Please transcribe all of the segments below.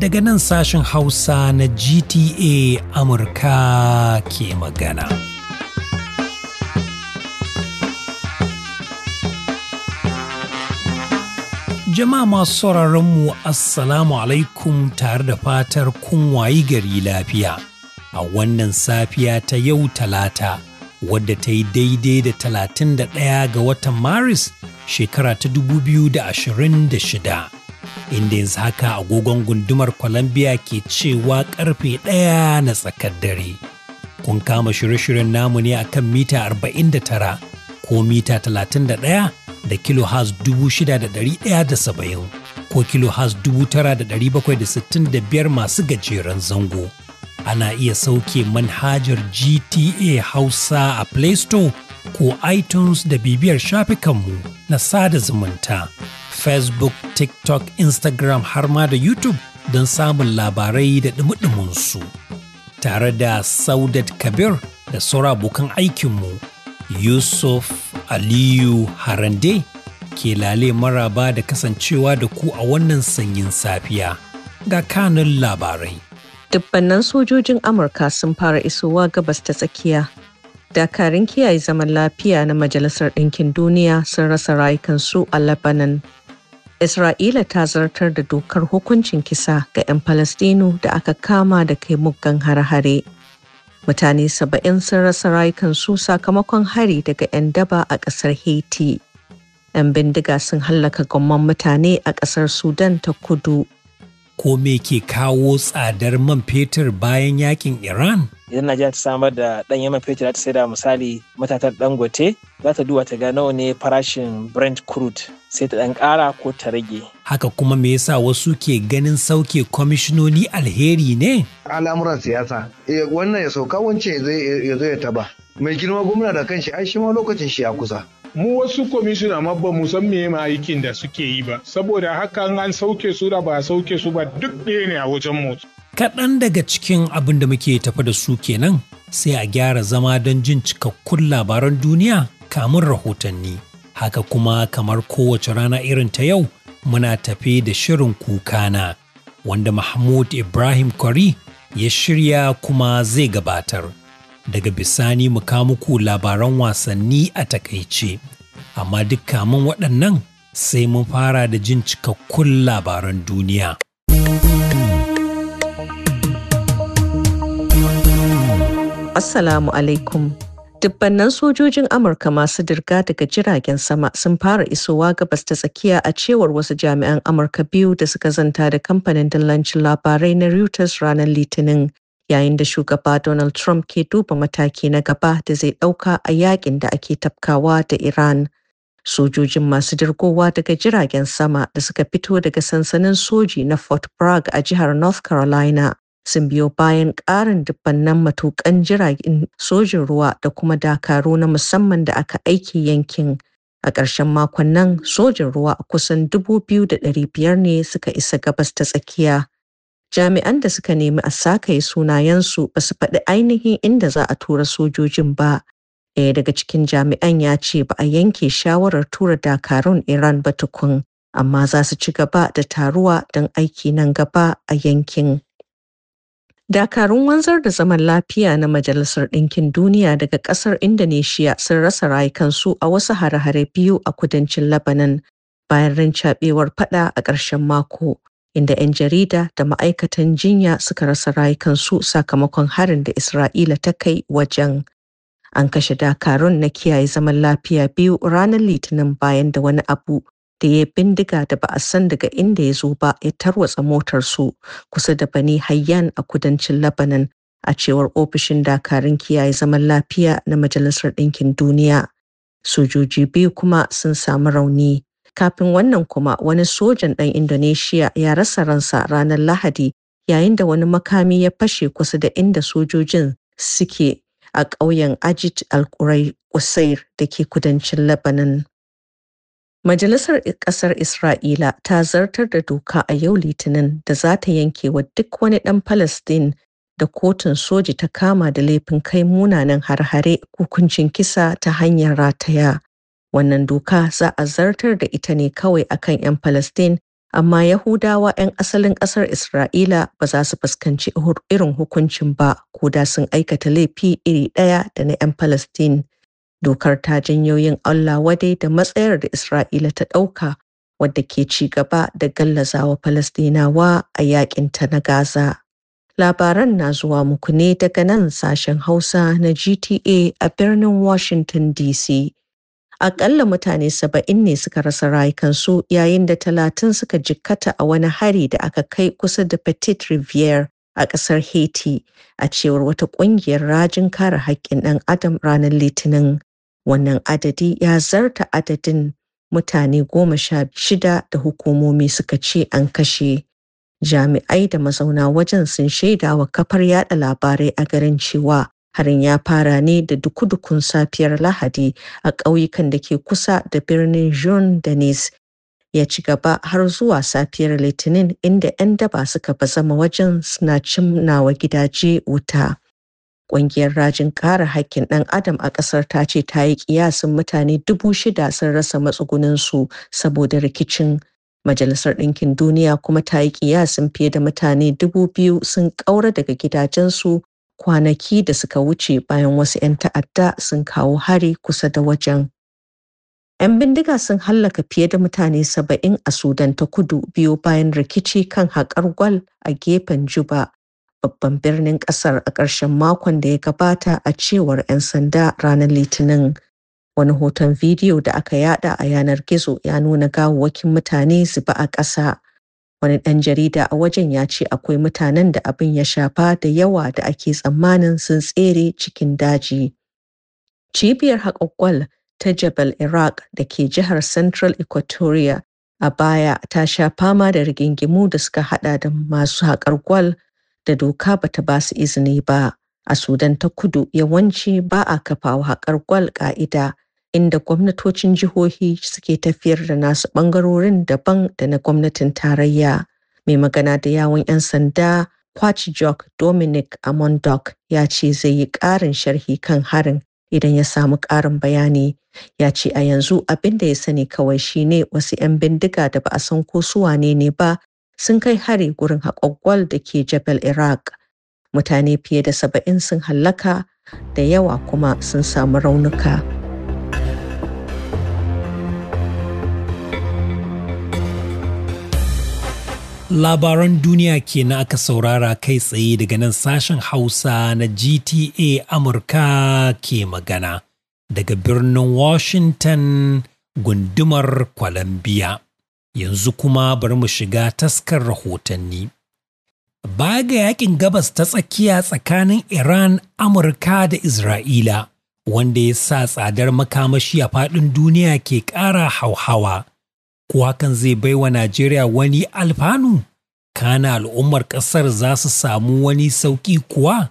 Daga nan sashen Hausa na GTA Amurka ke magana. Jama'a masu sauraronmu Assalamu alaikum tare da fatar kun wayi gari lafiya. A wannan safiya ta yau talata, wadda ta yi daidai da talatin da ɗaya ga watan Maris shekara ta 2026 inda yanzu haka agogon gundumar Columbia ke cewa karfe ɗaya na tsakar dare. Kun kama shirye-shiryen namu ne a kan mita 49 ko mita 31 da kilohaz 6,170 ko kilohaz 9,765 masu gajeren zango. Ana iya sauke manhajar GTA Hausa a Play Store ko iTunes da bibiyar shafikanmu na sada zumunta facebook tiktok instagram har ma da youtube don samun labarai da dumi su tare da saudat kabir da sauran abokan aikinmu yusuf aliyu harande ke lale maraba da kasancewa da ku a wannan sanyin safiya ga kanun labarai dubbannan sojojin amurka sun fara isowa gabas ta tsakiya dakarun kiyaye zaman lafiya na majalisar ɗinkin duniya sun rasa rayukansu a lebanon isra'ila ta zartar da dokar hukuncin kisa ga 'yan falastinu da aka kama da kai muggan hare-hare mutane saba'in sun rasa rayukansu sakamakon hari daga 'yan daba a ƙasar haiti 'yan bindiga sun hallaka gomman mutane a ƙasar sudan ta kudu ko me ke kawo tsadar man fetur bayan yakin Iran? Idan Najeriya ta samar da ɗanyen man fetur ta sai da misali matatar Dangote za ta duba ta ga nawa ne farashin Brent crude sai ta ɗan ƙara ko ta rage. Haka kuma me yasa wasu ke ganin sauke kwamishinoni alheri ne? Al'amuran siyasa, eh, wannan ya sauka wancan ya zo ya taba. Mai girma gwamna da kanshi ai shi ma lokacin shi ya kusa. mu wasu kwamishina ma ba mu san meye aikin da suke yi ba saboda haka an sauke su da ba sauke su ba duk ɗaya ne a wajen mu kaɗan daga cikin abin da muke tafa da su kenan sai a gyara zama don jin cikakkun labaran duniya kamun rahotanni haka kuma kamar kowace rana irin ta yau muna tafe da shirin kukana wanda mahmud ibrahim kwari ya shirya kuma zai gabatar. daga bisani mu muku labaran wasanni a takaice. Amma duk kamun waɗannan sai mun fara da jin cikakkun labaran duniya. Assalamu alaikum. Dubbannan sojojin Amurka masu dirga daga jiragen sama sun fara isowa gabas ta tsakiya a cewar wasu jami'an Amurka biyu da suka zanta da kamfanin dillancin labarai na Reuters ranar Litinin. yayin da shugaba Donald Trump ke duba mataki na gaba da zai ɗauka a yakin da ake tafkawa da Iran. Sojojin masu dirgowa daga jiragen sama da suka fito daga sansanin soji na Fort Bragg a jihar North Carolina sun biyo bayan ƙarin dubbannan matukan jiragen sojin ruwa da kuma dakaru na musamman da aka aiki yankin. A ƙarshen makon nan sojin ruwa kusan 2,500 ne suka isa gabas ta tsakiya jami'an da suka nemi a sakaye sunayensu ba su faɗi ainihin inda za a tura sojojin ba ɗaya daga cikin jami'an ya ce ba a yanke shawarar tura dakarun iran ba tukun amma za su ci gaba da taruwa don aiki nan gaba a yankin dakarun wanzar da zaman lafiya na majalisar ɗinkin duniya daga ƙasar indonesia sun rasa rayukansu a wasu hare-hare biyu a kudancin lebanon bayan rancabewar faɗa a ƙarshen mako inda 'yan jarida da ma'aikatan jinya suka rasa rayukansu sakamakon harin da Isra'ila ta kai wajen. An kashe dakarun na kiyaye zaman lafiya biyu ranar Litinin bayan da wani abu da ya bindiga da ba a san daga inda ya zo ba ya tarwatsa motarsu kusa da Bani Hayyan a kudancin Lebanon a cewar ofishin dakarun kiyaye zaman lafiya na Majalisar Ɗinkin Duniya. Sojoji biyu kuma sun samu rauni. Kafin wannan kuma wani sojan ɗan Indonesia ya rasa ransa ranar Lahadi yayin da wani makami ya fashe kusa da inda sojojin suke a ƙauyen Ajit al'kurai qusair da ke kudancin Lebanon. Majalisar Ƙasar Isra'ila ta zartar da doka a yau Litinin da za ta yanke wa duk wani ɗan Falasɗin da kotun soji ta kama da laifin kai munanan harhare hukuncin kisa ta hanyar rataya. Wannan doka za a zartar da ita ne kawai akan 'yan Falastin, amma Yahudawa 'yan asalin ƙasar Isra'ila ba za su fuskanci irin hukuncin ba ko da sun aikata laifi iri ɗaya da na 'yan Falastin. Dokar ta janyo yin Allah wadai da matsayar da Isra'ila ta ɗauka wadda ke ci gaba da gallazawa Falastinawa a yaƙin ta na Gaza. Labaran na zuwa muku ne daga nan sashen Hausa na GTA a birnin Washington DC. akalla mutane saba'in ne suka rasa rayukansu yayin da talatin suka jikkata a wani hari da aka kai kusa da Petit Riviere a ƙasar Haiti a cewar wata ƙungiyar rajin kare haƙƙin ɗan adam ranar Litinin. Wannan adadi ya zarta adadin mutane goma sha shida da hukumomi suka ce an kashe. Jami'ai da mazauna wajen sun shaida wa kafar yada labarai a garin cewa Harin ya fara ne da dukudukun safiyar Lahadi a ƙauyukan da ke kusa da birnin Jean Denis. Ya ci gaba har zuwa safiyar Litinin inda 'yan daba suka bazama wajen suna cimnawa gidaje wuta. Ƙungiyar rajin kare haƙƙin ɗan adam a ƙasar ta ce ta yi ƙiyasin mutane dubu shida sun rasa matsuguninsu saboda rikicin Majalisar Ɗinkin Duniya kuma ta yi ƙiyasin fiye da mutane dubu biyu sun ƙaura daga gidajensu kwanaki da suka wuce bayan wasu 'yan ta'adda sun kawo hari kusa da wajen. 'Yan bindiga sun hallaka fiye da mutane saba'in a Sudan ta kudu biyo bayan rikici kan haƙar gwal a gefen Juba, babban birnin ƙasar a ƙarshen makon da ya gabata a cewar 'yan sanda ranar Litinin. Wani hoton bidiyo da aka yada a yanar gizo ya nuna gawawwakin mutane zuba a ƙasa. Wani ɗan jarida a wajen ya ce akwai mutanen da abin ya shafa da yawa da ake tsammanin sun tsere cikin daji. Cibiyar haƙaƙwal ta Jabal Iraq da ke jihar Central Equatoria a baya ta sha fama da rigingimu da suka haɗa da masu haƙar gwal da doka ba ta ba su izini ba. A Sudan ta kudu yawanci ba a kafawa haƙar gwal ƙa'ida inda gwamnatocin jihohi suke tafiyar da nasu ɓangarorin daban da na gwamnatin tarayya. Mai magana da yawon 'yan sanda jock Dominic Amondok ya ce zai yi ƙarin sharhi kan harin idan ya samu ƙarin bayani. Ya ce a yanzu abin da ya sani kawai shine wasu 'yan bindiga da ba a san ko su wane ne ba sun kai hari gurin haƙoƙwal da ke Jabal Iraq. Mutane fiye da saba'in sun hallaka da yawa kuma sun samu raunuka. Labaran duniya kenan aka saurara kai tsaye daga nan sashen Hausa na GTA Amurka ke magana daga birnin Washington gundumar Columbia. Yanzu kuma bari mu shiga taskar rahotanni. Baya ga yakin gabas ta tsakiya tsakanin Iran, Amurka da Isra'ila, wanda ya sa tsadar makamashi a faɗin duniya ke ƙara hauhawa. ko hakan zai bai wa Najeriya wani alfanu? Kana al'ummar ƙasar za su samu wani sauƙi kuwa?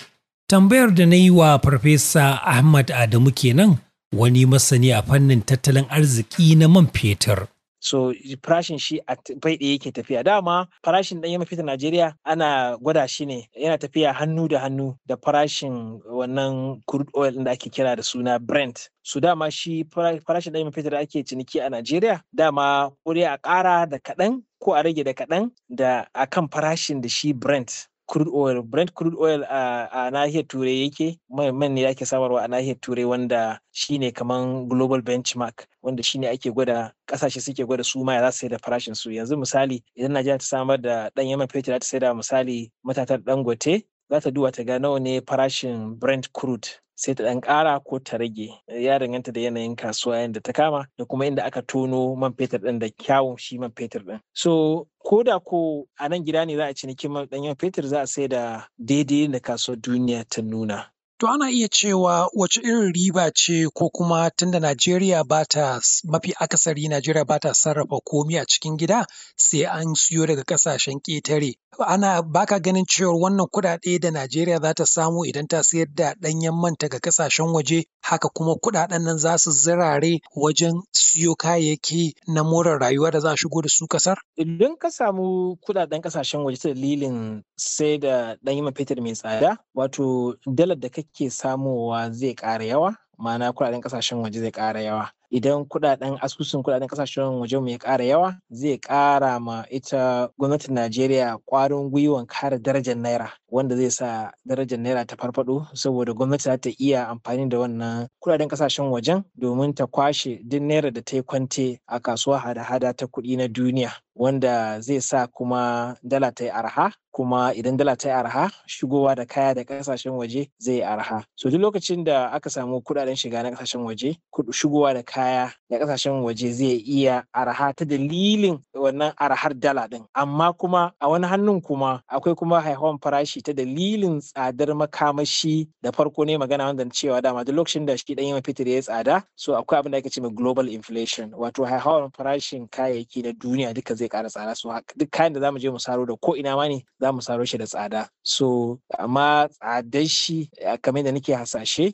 Tambayar da na yi wa Farfesa Ahmad Adamu kenan wani masani a fannin tattalin arziki na man fetur. so farashin shi a bai ɗaya yake tafiya dama farashin ɗanyen mafi fita najeriya ana gwada shi ne yana tafiya hannu da hannu da farashin wannan crude oil da ake kira da suna brent su dama shi farashin ɗanyen mafi da ake ciniki a najeriya dama kuri a ƙara da kaɗan ko a rage da kaɗan da akan farashin da shi brent crude oil brent crude oil a nahiyar turai yake man ne ake samarwa a nahiyar turai wanda shine kaman global benchmark wanda shine ake gwada kasashe suke gwada su ma za su da farashin su yanzu misali idan najeriya ta samar da dan yaman fetur ta sai da misali matatar dangote za ta duba ta ga nawa ne farashin Brent crude sai ta ɗan kara ko ta rage ya danganta da yanayin kasuwa yadda ta kama da kuma inda aka tono man fetur ɗin da kyawun shi man fetur ɗin. So ko da ko a nan gida ne za a ciniki man fetur za a sai da daidai da kasuwar duniya ta nuna. To ana iya cewa wace irin riba ce ko kuma tunda Najeriya ba ta mafi akasari Najeriya ba ta sarrafa komai a cikin gida sai an siyo daga ƙasashen ƙetare. Ana ba ganin cewar wannan kuɗaɗe da Najeriya za ta samu idan ta sayar da ɗanyen manta ga ƙasashen waje haka kuma kuɗaɗen nan za su zirare wajen siyo kayayyaki na more rayuwa da za a shigo da su ƙasar? Idan ka samu kuɗaɗen ƙasashen waje ta dalilin sai da ɗanyen man fetur mai tsada wato dalar da kake ake samowa zai ƙara yawa ma'ana kuɗaɗen ƙasashen waje zai ƙara yawa idan kuɗaɗen asusun kuɗaɗen ƙasashen waje mu ya ƙara yawa zai ƙara ma ita gwamnatin Najeriya ƙwarin gwiwan kare darajar naira wanda zai sa darajar naira ta farfado saboda gwamnati za ta iya amfani da wannan kuɗaɗen ƙasashen wajen domin ta kwashe duk naira da ta yi kwante a kasuwa hada-hada ta kuɗi na duniya wanda zai sa kuma dala ta yi arha kuma idan dala ta yi arha shigowa da kaya da kasashen waje zai yi arha so duk lokacin da aka samu kudaden shiga na kasashen waje shigowa da kaya na kasashen waje zai iya arha ta dalilin wannan arhar dala din amma kuma a wani hannun kuma akwai kuma haihuwan farashi ta dalilin tsadar makamashi da farko ne magana wanda cewa dama duk lokacin da shi dan yi fitir ya tsada so akwai abin da ake ce global inflation wato haihuwan farashin kayayyaki na duniya duka zai ƙara tsada so duk kayan da zamu je mu saro da ko ina ma ne za mu saro shi da tsada so amma tsadar shi kamar da nake hasashe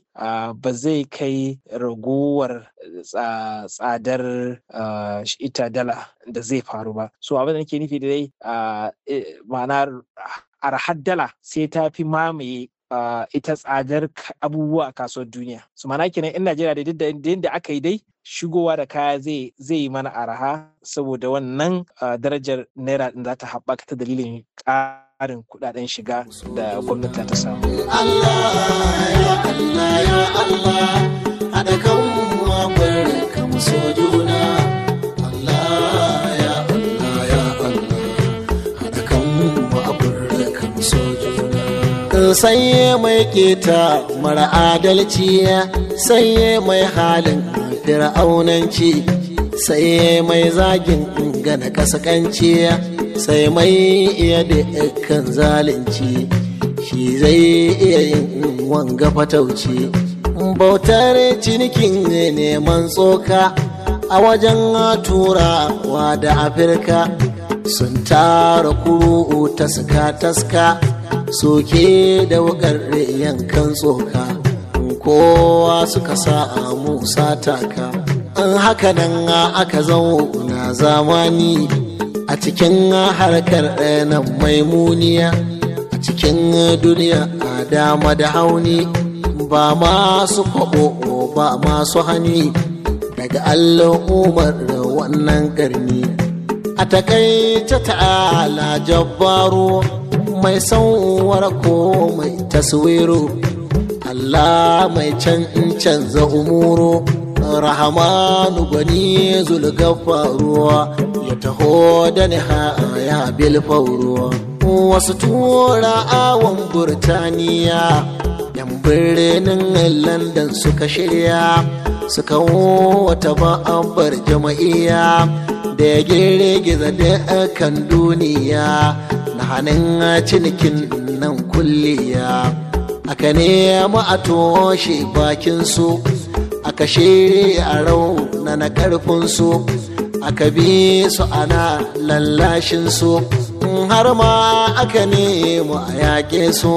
ba zai kai ragowar tsadar ita dala da zai faru ba so abin da nake nufi da dai e, ma'ana arhar dala sai ta fi mamaye ita tsadar abubuwa a kasuwar duniya su mana kenan in najeriya da duk da aka yi dai shigowa da kaya zai yi mana araha saboda wannan darajar naira din za ta haɓaka ta dalilin ƙarin kuɗaɗen shiga da gwamnati ta samu. Allah ya Allah ya Allah haɗa kan mu so juna. sanye mai keta mara adalci sanye mai halin fir'aunanci sai mai zagin gana kasakanci sai mai iya da zalunci shi zai iya yin wanga fatauci bautar cinikin neman tsoka a wajen turawa da afirka sun tara kuru taska-taska soke da wukar yankan tsoka kowa suka sa a musa taka an haka nan aka zauna zamani a cikin harkar nan maimuniya a cikin duniya a dama da hauni ba masu kwabo ba masu hani daga allon da wannan karni a takaice ta'ala jabbaruwa mai san ko mai taswiro Allah mai can canza umuro rahamanu gwani zulgafaruwa ya taho da ni ya bilfauruwa wasu tura awon burtaniya yan birnin london suka shirya suka wata ba'abbar jama'iyya da ya gizo da kan duniya na hannun cinikin nan kulliya aka nemi a toshe bakinsu aka shirya a rauna na karfinsu aka bi su ana lallashinsu har ma aka nemi a yaƙe su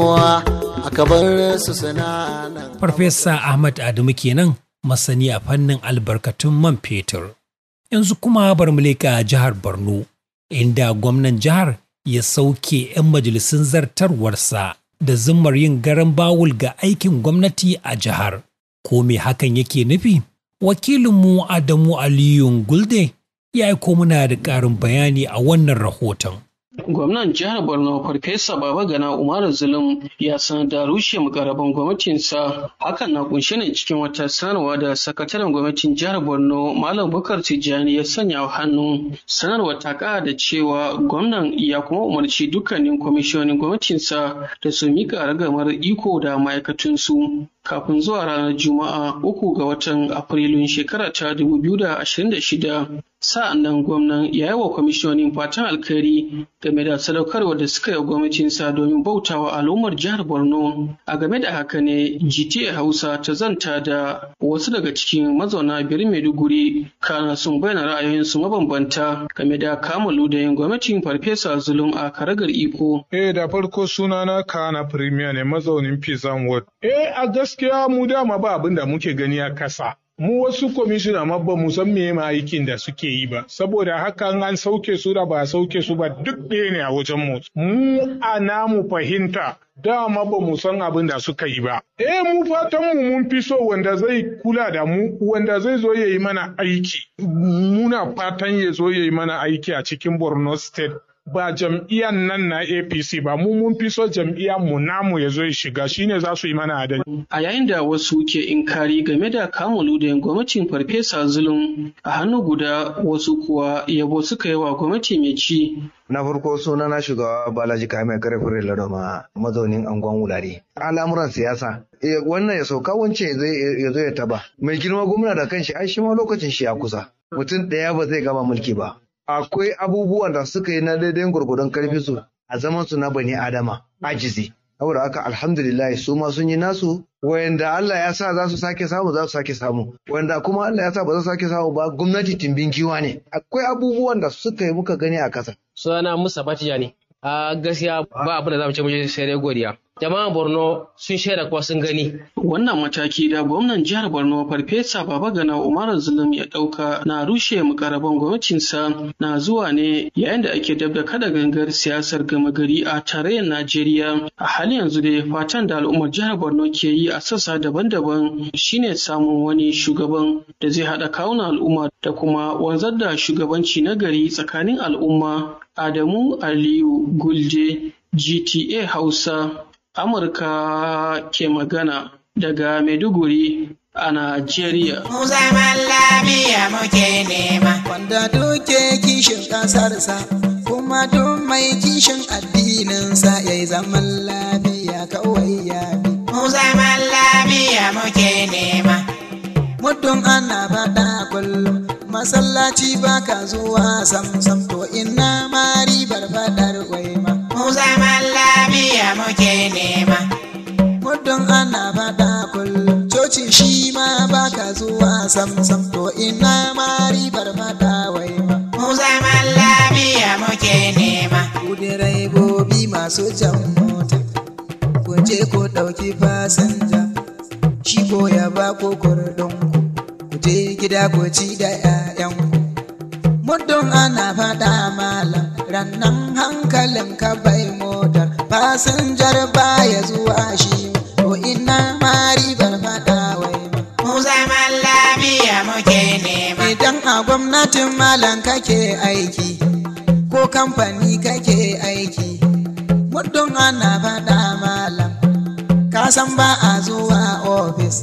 aka bar su suna nan. Farfesa Ahmad Adamu kenan masani a fannin albarkatun man fetur. yanzu kuma bari mu leƙa jihar borno inda gwamnan jihar ya sauke 'yan majalisun zartarwarsa da zimmar yin garan bawul ga aikin gwamnati a jihar ko me hakan yake nufi wakilinmu adamu aliyun gulde ya aiko muna da ƙarin bayani a wannan rahoton Gwamnan jihar Borno Farfesa baba gana Umar Zulum ya sanar da rushe mukarraban gwamnatinsa hakan na kunshe ne cikin wata sanarwa da sakataren gwamnatin jihar Borno Malam Bukar Tijjani ya sanya hannu sanarwa ta kara da cewa gwamnan ya kuma umarci dukkanin kwamishonin gwamnatinsa da su mika ragamar iko da ma'aikatunsu. kafin zuwa ranar Juma'a uku ga watan Afrilun shekara ta shida, sa'an nan gwamnan ya yi wa kwamishinonin fatan alkhairi game da sadaukarwa da suka yi gwamnatinsa domin bautawa al'ummar jihar Borno. A game da haka ne GTA Hausa ta zanta da wasu daga cikin mazauna birnin Maiduguri kana sun bayyana ra'ayoyinsu mabambanta game da kama ludayin gwamnatin Farfesa Zulum a karagar iko. Eh da farko sunana Kana Premier ne mazaunin Pizan Ward. Eh a gaskiya mu dama ba abin da muke gani a kasa. Mu wasu kwamishina ma ba mu san me ma aikin da suke yi ba, saboda hakan an sauke su da ba sauke su ba duk ɗaya ne a wajen mu. Mu a namu fahimta dama ba mu san abin da suka yi ba. Eh mu fatan mu mun fi so wanda zai kula da mu, wanda zai zo ya yi mana aiki. Muna fatan ya zo ya yi mana aiki a cikin Borno State ba jam'iyan nan na APC ba mu mun fi so jam'iyyar mu namu ya zo ya shiga shine za su yi mana adalci. A yayin da wasu ke inkari game da kamun ludayin gwamnatin farfesa zulum a hannu guda wasu kuwa yabo suka yi wa gwamnati mai ci. Na farko suna na shugaba Balaji Kamil Karfure Ladoma mazaunin angon wulare. Al'amuran siyasa eh, wannan ya sauka wancan ya zo ya taba. Mai girma gwamna da kanshi ai shi ma lokacin shi ya kusa. Mutum ɗaya ba zai gama mulki ba. akwai abubuwan da suka yi na daidai gurgudun karfi su a zaman su na bani adama ajizi saboda haka alhamdulillah su ma sun yi nasu wayanda Allah ya sa za su sake samu za su sake samu wanda kuma Allah ya sa ba za su sake samu ba gwamnati timbin giwa ne akwai abubuwan da suka yi muka gani a kasa sunana Musa Batiya ne a gaskiya ba abin da za mu ce mu sai dai godiya jama'an borno sun shaida kuwa sun gani wannan mataki da gwamnan jihar borno farfesa baba gana umar zulum ya dauka na rushe mukarraban gwamnatinsa na zuwa ne yayin da ake dabda kada gangar siyasar gama gari a tarayyar najeriya a halin yanzu dai fatan da al'ummar jihar borno ke yi a sassa daban-daban shine samun wani shugaban da zai haɗa kawunan al'umma da kuma wanzar da shugabanci na gari tsakanin al'umma adamu aliyu gulje gta hausa Amurka ke magana daga Maiduguri a Najeriya. Mu zaman lafiya muke nema. Wanda duke kishin ƙasarsa kuma duk mai kishin addininsa ya yi zaman lafiya kawai ya bi. Mu zaman lafiya muke nema. Mutum ana faɗa kullum masallaci baka zuwa sam sam to ina ma ribar faɗar kwaima. zaman lafiya muke nema. Muddin ana faɗa kullum, coci shi ma ba ka zuwa samsam to ina ma ribar faɗa wai ma. Mu zaman lafiya muke nema. Kudirai direbobi masu jan mota, ku je ko ɗauki fasinja, shi ko ya ba ko kurdinku, ku je gida ko ci da 'ya'yanku. Muddin ana faɗa mala. modan nan hankalin ka bai modan fasinjar baya zuwa shi ko ina mari bar fada wai mu zaman lafiya muke nema idan a gwamnatin malam kake aiki ko kamfani kake aiki muddin ana fada malam ka san ba a zuwa ofis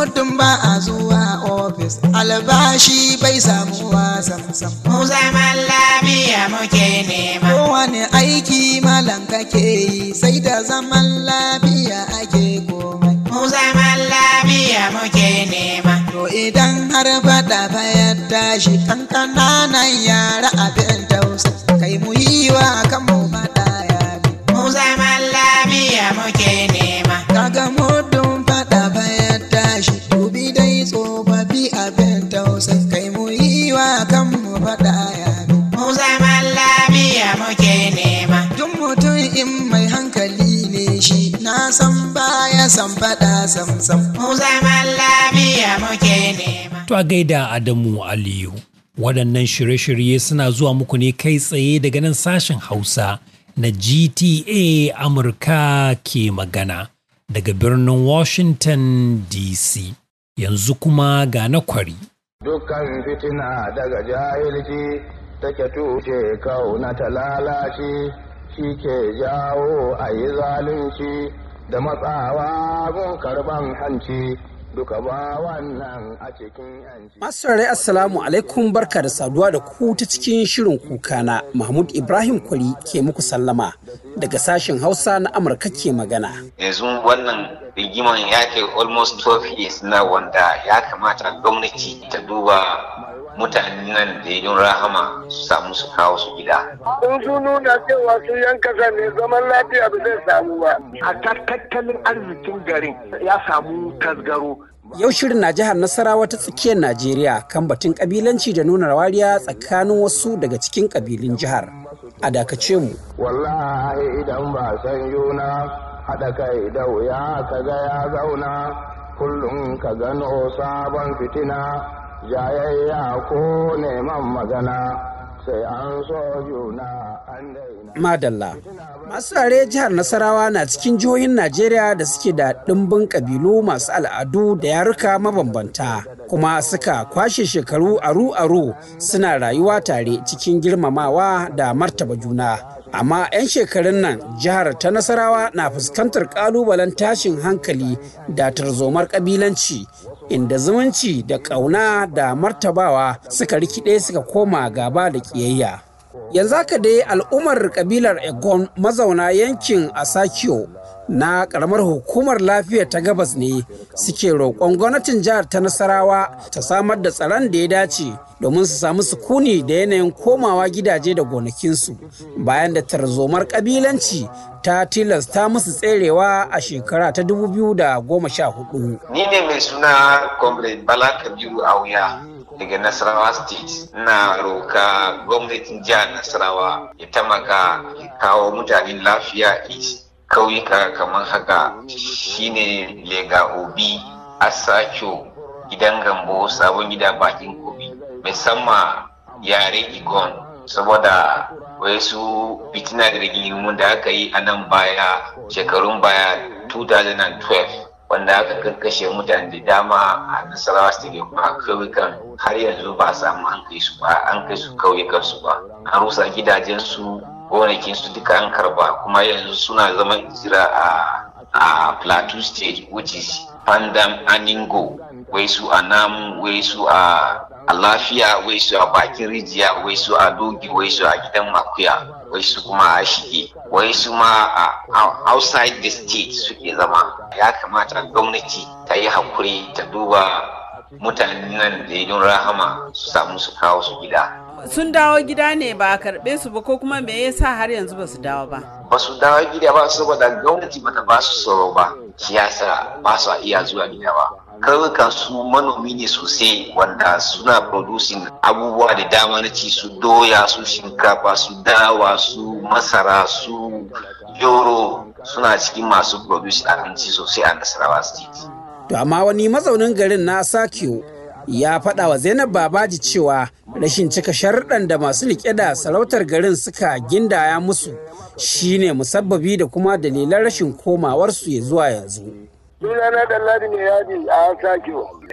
muddin ba a zuwa ofis albashi bai samuwa samsam mu zaman lafiya muke nema kowane aiki malam kake yi sai da zaman lafiya ake komai mu zaman lafiya muke nema to idan har fada fa tashi kankana nan yara abin san faɗa samsam. Mu zaman lafiya muke nema. To gaida Adamu Aliyu. Waɗannan shirye-shirye suna zuwa muku ne kai tsaye daga nan sashen Hausa na GTA Amurka ke magana daga birnin Washington DC. Yanzu kuma ga na kwari. Dukkan fitina daga jahilci take tushe kauna ta lalace shi ke jawo a yi zalunci. da matsawa gun karban hanci duka ba wannan a cikin yanci. Masarai Assalamu alaikum barka da saduwa da ku ta cikin shirin kuka na Mahmud Ibrahim Kwari ke muku sallama daga sashen Hausa na Amurka ke magana. Yanzu wannan rigiman ya kai almost 12 years na wanda ya kamata gwamnati ta duba mutanen nan da yin rahama su samu su kawo su gida. Sun su nuna cewa su yanka kasa ne zaman lafiya ba zai samu ba. A tattalin arzikin garin ya samu tasgaro. Yau shirin na jihar Nasarawa ta tsakiyar Najeriya kan batun kabilanci da nuna wariya tsakanin wasu daga cikin kabilun jihar. A dakace mu. Wallahi idan ba san yuna haɗa kai da wuya ka ga ya zauna kullum ka gano sabon fitina jayayya ko neman magana sai an so juna an Madalla, masu rare jihar Nasarawa na cikin jihohin Najeriya da suke da ɗimbin ƙabilu masu al'adu da yaruka mabambanta, kuma suka kwashe shekaru aru-aru suna rayuwa tare cikin girmamawa da martaba juna. amma 'yan shekarun nan jihar ta nasarawa na fuskantar ƙalubalen tashin hankali da tarzomar ƙabilanci. inda zumunci da ƙauna da martabawa suka rikide suka koma gaba da ƙiyayya. Yanzu haka dai al'ummar ƙabilar Egon mazauna yankin Asakio na karamar hukumar lafiya ta gabas ne suke roƙon gwamnatin jihar ta nasarawa ta samar da tsaron da ya dace domin su samu sukuni da yanayin komawa gidaje da gonakinsu bayan da tarzomar ƙabilanci ta tilasta musu tserewa a shekara ta 2014. Ni ne mai suna Comrade Bala Kabiru Auya daga Nasarawa State na roka gwamnatin jihar Nasarawa ya tamaka kawo mutanen lafiya East kauyuka kamar haka shine lega obi asakyo gidan gambo sabon gida bakin kobi sama yare igon saboda wai su fitina da rigingimu da aka yi a nan baya shekarun baya 2012 wanda aka karkashe mutane da dama a nasarawa su take kuma kauyukan har yanzu ba samu an kai su ba an kai su kauyukan su ba an rusa gidajen su gonakin su duka an karba kuma yanzu suna zama jira a a plateau state which is pandam aningo wai su a namu wai su a a lafiya wai su a bakin rijiya wai su a dogi wai su a gidan makuya wai su kuma a shige wai su ma a outside the state suke zama ya kamata gwamnati ta yi hakuri ta duba mutanen nan da yi rahama su samu su kawo su gida sun dawo gida ne ba a karɓe su ba ko kuma me yasa har yanzu ba su dawo ba ba su dawo gida ba saboda gwamnati ba ta ba su tsoro ba siyasa ba su iya zuwa gida ba karuka su manomi ne sosai wanda suna producing abubuwa da dama na ci su doya su shinkafa su dawa su masara su yoro suna cikin masu producing abinci sosai a nasarawa state to amma wani mazaunin garin na sakiyo ya faɗa wa zainab babaji cewa rashin cika sharuɗan da masu liƙe da sarautar garin suka gindaya musu shine musabbabi da kuma dalilan rashin komawarsu ya zuwa yanzu sunana da ladi ne yi a sake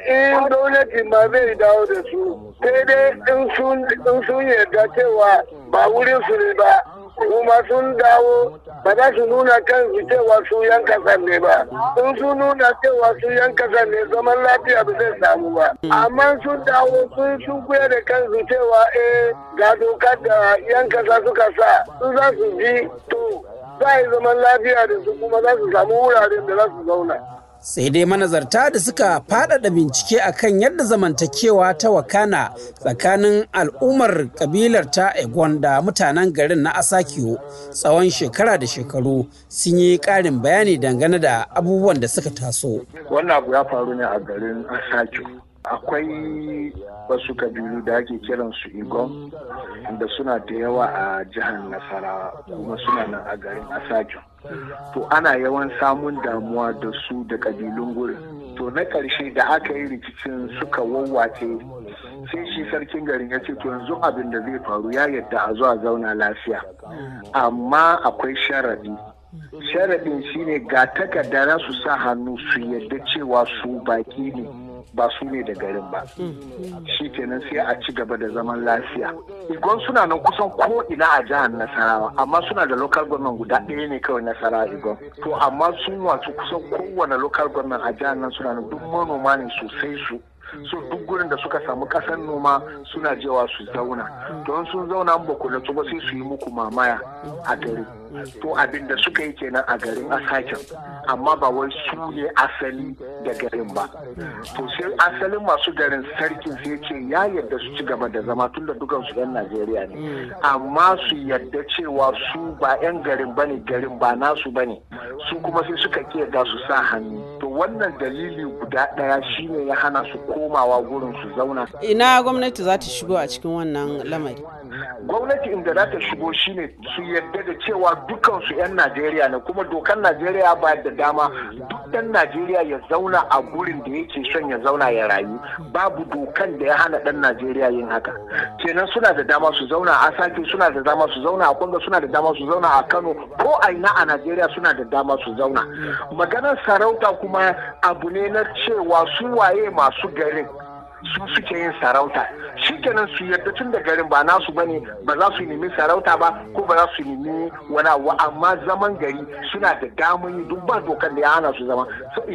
in gwamnati ba zai dawo da su sai dai in sun yarda cewa ba wurin su ne ba kuma sun dawo ba za su nuna kan su cewa su yan kasan ne ba Sun su nuna cewa su yan kasan ne zaman lafiya ba zai samu ba amma sun dawo sun sunkuya da su cewa e ga dokar da yan kasa suka sa sun za su ji to za a yi zaman lafiya da su kuma za su samu wuraren da za su zauna sai dai manazarta da suka faɗaɗa bincike akan yadda zamantakewa ta wakana tsakanin al'ummar kabilar ta egon da mutanen garin na asakiyo tsawon shekara da shekaru sun yi ƙarin bayani dangane da abubuwan da suka taso wannan abu ya faru ne a garin asakiyo akwai wasu kabilu da ake kiransu igon da suna da yawa a jihar nasarawa kuma suna nan a garin asakin to ana yawan samun damuwa da su da kabilun gurin to na ƙarshe da aka yi rikicin suka wawwace sai shi sarkin garin ya ce to yanzu abin da zai faru ya yadda a zuwa zauna lafiya amma akwai sharadi sharadin shine ga takarda su sa hannu su yadda cewa su baki ne ba su ne da garin ba shi kenan sai a ci gaba da zaman lafiya igon suna nan kusan ko ina a jihar nasarawa amma suna da local gwamnan guda ɗaya ne kawai nasarawa igon to amma sun wasu kusan kowane local gwamnan a jihar nan suna nan duk manoma ne sosai su so duk gurin da suka samu kasar noma suna jewa su zauna don sun zauna ba kula ba sai su yi muku mamaya a gari to abinda suka yi kenan a garin asakin amma ba wai su ne asali da garin ba to sai asalin masu garin sarkin sai ce ya yadda su ci gaba da zama tun da dukan su yan najeriya ne amma su yadda cewa su ba yan garin ba ne garin ba nasu ne su kuma sai suka ga su sa hannu to wannan dalili guda daya shine ya hana su komawa gurin su zauna ina gwamnati za ta shigo a cikin wannan lamari gwamnati inda za ta shigo shine su yadda da cewa dukansu 'yan najeriya ne kuma dokan najeriya ba da dama duk dan najeriya ya zauna a gurin da yake son ya zauna ya rayu babu dokan da ya hana dan najeriya yin haka kenan suna da dama su zauna a sake suna da dama su zauna a kwanga suna da dama su zauna a kano ko a ina a najeriya suna da dama su zauna maganar sarauta kuma abu ne na cewa su waye masu garin su suke yin sarauta shi kenan su yadda tun da garin ba nasu bane ba za su nemi sarauta ba ko ba za su nemi wani abu amma zaman gari suna da damun yi duk ba dokar da ya hana su zama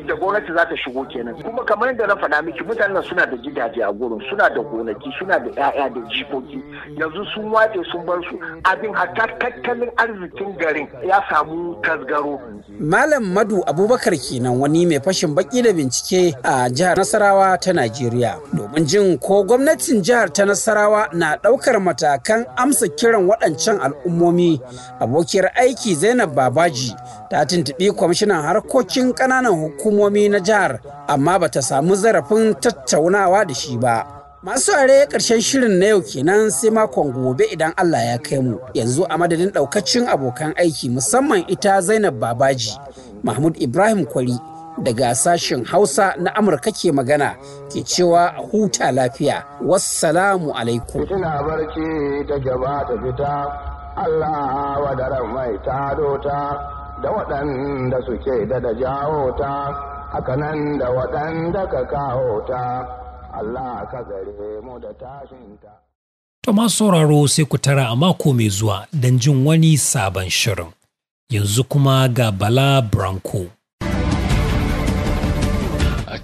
da gwamnati za ta shigo kenan kuma kamar yadda na faɗa miki mutanen suna da gidaje a gurin suna da gonaki suna da 'ya'ya da jikoki yanzu sun watse sun bar su abin hatta tattalin arzikin garin ya samu tasgaro malam madu abubakar kenan wani mai fashin baki da bincike a jihar nasarawa ta najeriya domin jin ko gwamnatin jihar ta Nasarawa na ɗaukar matakan amsa kiran waɗancan al'ummomi. Abokiyar aiki Zainab Babaji ta tuntuɓi kwamishinan harkokin ƙananan hukumomi na jihar amma ba ta samu zarafin tattaunawa da shi ba. Masu are ƙarshen shirin na yau kenan sai makon gobe idan Allah ya kai mu yanzu a madadin ɗaukacin abokan aiki musamman ita Zainab Babaji, Mahmud Ibrahim Kwari. daga sashen Hausa na Amurka ke magana ke cewa huta lafiya. Wassalamu alaikum. Fitina barci ta gaba ta fita, Allah wadaran mai ta da waɗanda suke da da jawo ta, nan da waɗanda ka kawo ta, Allah ka gare mu da tashinta. To sauraro sai ku tara a mako mai zuwa don jin wani sabon shirin. Yanzu kuma ga Bala Branko.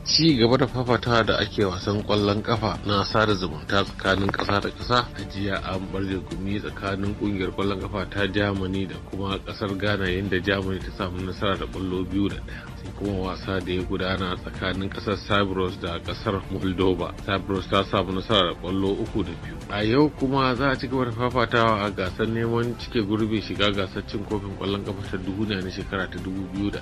ci gaba da fafatawa da ake wasan kwallon kafa na sada zumunta tsakanin ƙasa da ƙasa a jiya an barje gumi tsakanin ƙungiyar kwallon kafa ta Jamani da kuma ƙasar Ghana yadda Jamani ta samu nasara da ƙwallo biyu da ɗaya. sai kuma wasa da ya gudana tsakanin kasar cyprus da kasar moldova cyprus ta samu nasara da kwallo uku da biyu a yau kuma za a ci gaba da fafatawa a gasar neman cike gurbin shiga gasar cin kofin kwallon kafa ta duniya na shekara ta 2026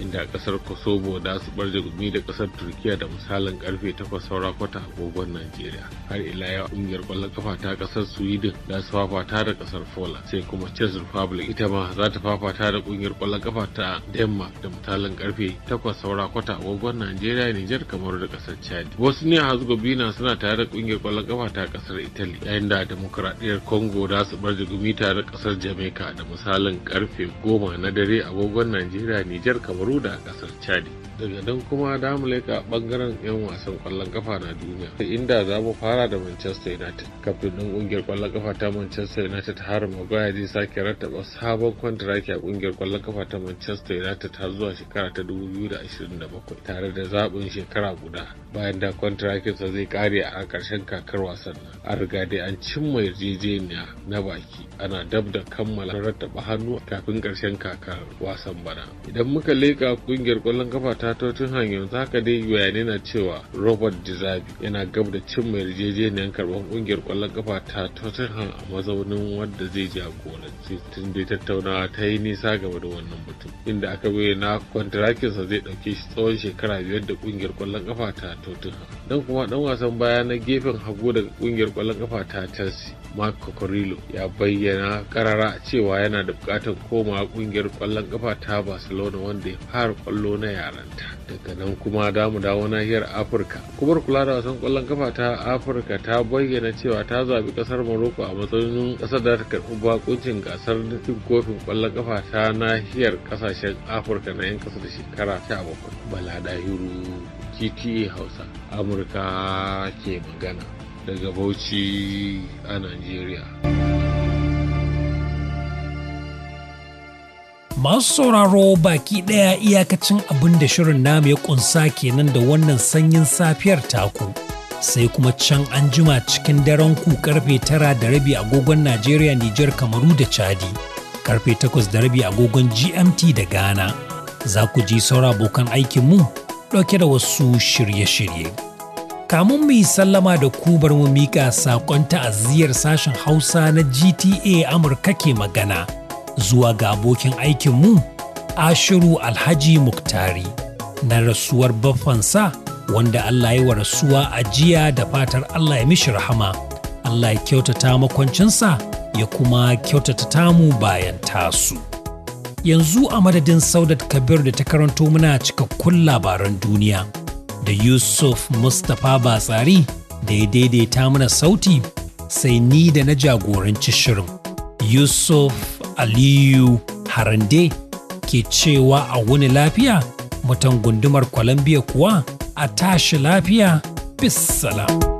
inda kasar kosovo da su barje gumi da kasar turkiya da misalin karfe takwas saura kwata agogon najeriya har ila yau kungiyar kwallon kafa ta kasar sweden da su fafata da kasar poland sai kuma czech republic ita ma za ta fafata da kungiyar kwallon kafa ta denmark da misalin karfe takwas saura kwata agogon Najeriya Nijar kamar da kasar Chad. Bosnia Herzegovina suna tare da kungiyar kwallon kafa ta kasar Italy yayin da demokradiyyar Congo za su bar jigumi tare da kasar Jamaica da misalin karfe goma, na dare agogon Najeriya Nijar kamar da kasar Chad. daga nan kuma da mu leka bangaren 'yan wasan kwallon kafa na duniya inda za mu fara da manchester united kaftin don kungiyar kwallon kafa ta manchester united har maguire zai sake rattaba sabon kwantiraki a kungiyar kwallon kafa ta manchester united har zuwa shekara ta 2027 tare da zaɓin shekara guda bayan da kwantirakinsa zai kare a ƙarshen kakar wasan nan an riga dai an cimma yarjejeniya na baki ana dab da kammala rattaba hannu kafin ƙarshen kakar wasan bana idan muka leka kungiyar kwallon kafa ta ta Tottenham za ka dai bayani na cewa Robert Dizabi yana gab da cin mai yarjejeniyar karban kungiyar kwallon kafa ta Tottenham a mazaunin wanda zai jagoranci tun dai tattaunawa ta yi nisa gaba da wannan mutum inda aka bayyana kwantarakinsa zai ɗauke shi tsawon shekara biyar da kungiyar kwallon kafa ta Tottenham. Dan kuma ɗan wasan baya na gefen hagu daga kungiyar kwallon kafa ta Chelsea mark Cocorillo ya bayyana karara cewa yana da bukatar komawa kungiyar kwallon kafa ta barcelona wanda ya fara kwallo na yaranta daga nan kuma damu dawo nahiyar afirka kubar kula da wasan kwallon kafa ta afirka ta bayyana cewa ta zaɓi kasar morocco a matsayin kasar da ta karbi bakuncin gasar cin kofin kwallon kafa ta nahiyar kasashen afirka na 'yan kasa da shekara 17 bala dahiru gta hausa amurka ke magana daga Bauchi a Najeriya. Masu sauraro baki ɗaya iyakacin abin da shirin namu ya ƙunsa kenan da wannan sanyin safiyar taku. Sai kuma can an jima cikin daren ku karfe tara da rabi agogon Najeriya, Nijar, Kamaru da Chadi. Karfe takwas da rabi agogon GMT da Ghana. Za ku ji saura abokan aikinmu ɗauke da wasu shirye-shirye. Kamun mu sallama da ku bar mu miƙa saƙon ta'aziyyar sashen Hausa na GTA Amurka ke magana zuwa ga abokin aikinmu Ashiru Alhaji Muktari na rasuwar baffansa wanda Allah ya wa rasuwa a jiya da fatar Allah ya mishi rahama. Allah ya kyautata makwancinsa ya kuma kyautata tamu bayan tasu. Yanzu a madadin Saudat Kabir da ta karanto muna cikakkun labaran duniya. da Yusuf Mustapha Batsari da ya daidaita mana sauti sai ni da na jagoranci shirin. Yusuf Aliyu Harande ke cewa a wuni lafiya mutan gundumar Columbia kuwa a tashi lafiya bisala. salam.